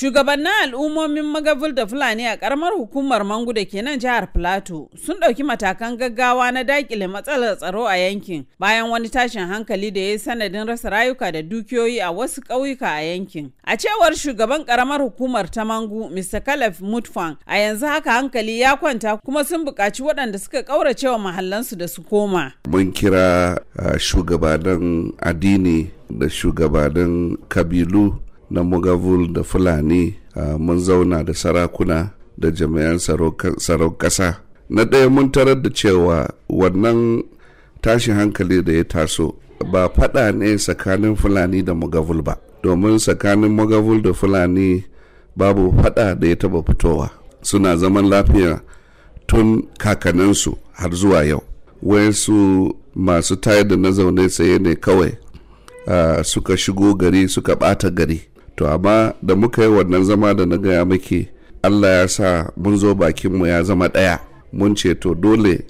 Shugabannin al'ummomin magabul da Fulani a karamar hukumar Mangu da ke nan jihar Filato sun ɗauki matakan gaggawa na dakile matsalar tsaro a yankin bayan wani tashin hankali da ya yi sanadin rasa rayuka da dukiyoyi a wasu ƙauyuka a yankin. A cewar shugaban karamar hukumar ta Mangu, Mr. Caleb Mutfang, a yanzu haka hankali ya kwanta kuma sun buƙaci waɗanda suka ƙauracewa mahallansu da su koma. Mun kira uh, addini da shugabannin kabilu na mugavul da fulani mun zauna da sarakuna da jami'an tsaron ƙasa na ɗaya mun tarar da cewa wannan tashin hankali da ya taso ba faɗa ne tsakanin fulani da mugavul ba domin tsakanin mugavul da fulani babu faɗa da ya taɓa fitowa suna zaman lafiya tun kakaninsu har zuwa yau wayansu masu tayar da na zaune saye ne kawai suka shigo gari suka ɓata gari to amma da muka yi wannan zama da na gaya maki allah ya sa mun zo bakinmu ya zama ɗaya mun ce to dole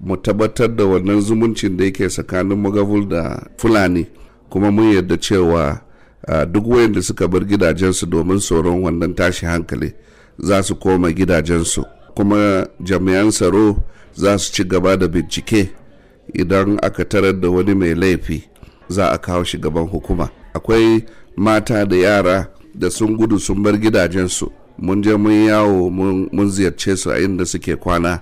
mu tabbatar da wannan zumuncin da yake tsakanin magabul da fulani kuma mun yarda cewa ah, duk wayanda suka bar gidajensu domin tsoron wannan tashi hankali za su koma gidajensu kuma jami'an tsaro za su ci gaba da bincike idan aka tarar da wani mai laifi za a kawo shi gaban hukuma akwai mata da yara da sun gudu sun bar gidajensu mun je mun yawo mun ziyarce su a inda suke kwana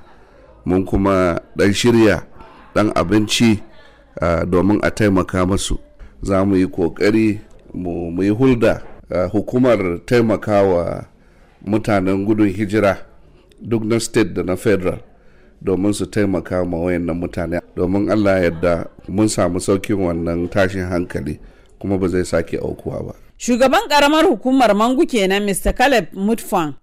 mun kuma dan shirya dan abinci domin a taimaka masu za mu yi kokari mu yi hulda hukumar taimakawa mutanen gudun hijira duk na state da na federal domin su taimaka ma wayan mutane domin allah yadda mun samu saukin wannan tashin hankali kuma ba zai sake aukuwa ba. Shugaban ƙaramar hukumar Mangu kenan Mr. Caleb Mutfan.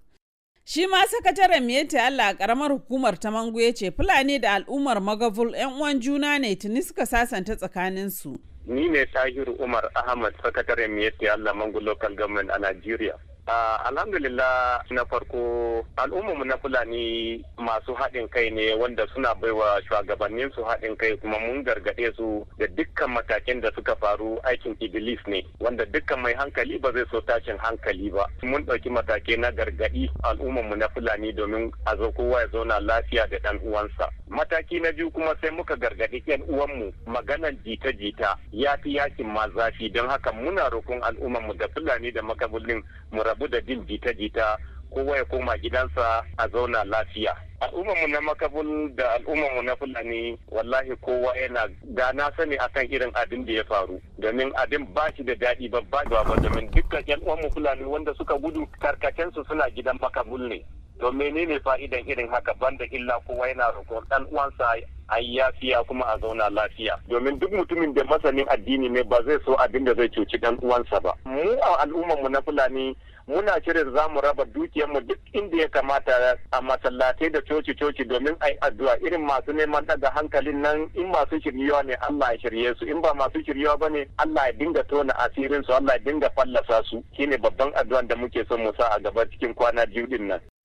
Shi ma sakataren Miyetti Allah a karamar hukumar ta Mangu ya ce Fulani da al'ummar Magavul 'yan uwan juna ne tuni suka sasanta tsakaninsu. Ni ne Tahiru Umar Ahmad sakataren Miyetti Allah Mangu Local Government a nigeria. alhamdulillah na farko mu na fulani masu haɗin kai ne wanda suna baiwa shugabannin su haɗin kai kuma mun gargaɗe su da dukkan matakin da suka faru aikin iblis ne wanda dukkan mai hankali ba zai so tashin hankali ba mun ɗauki matakai na gargaɗi mu na fulani domin a zo kowa ya zauna lafiya da ɗan uwansa mataki na biyu kuma sai muka gargaɗi yan uwanmu maganan jita-jita ya fi yakin ma zafi don haka muna roƙon al'ummarmu da fulani da makabulin mu rabu da bin jita-jita kowa ya koma gidansa a zauna lafiya. al'ummarmu na makabul da al'ummarmu na fulani wallahi kowa yana da na sani akan irin abin da ya faru domin abin ba shi da daɗi babba ba domin dukkan yan uwanmu fulani wanda suka gudu karkacensu suna gidan makabul ne don menene fa'idan irin haka banda illa kowa yana roƙon dan uwansa ayi yafiya kuma a zauna lafiya domin duk mutumin da masanin addini ne ba zai so abin da zai cuci dan uwansa ba mu a mu na fulani muna shirin za mu raba dukiyar mu duk inda ya kamata a masallatai da coci coci domin ai addu'a irin masu neman daga hankalin nan in masu shiryewa ne Allah ya shirye su in ba masu shiryewa ba ne Allah ya dinga tona asirin su Allah ya dinga fallasa su shine babban addu'an da muke son mu sa a gaba cikin kwana biyu din nan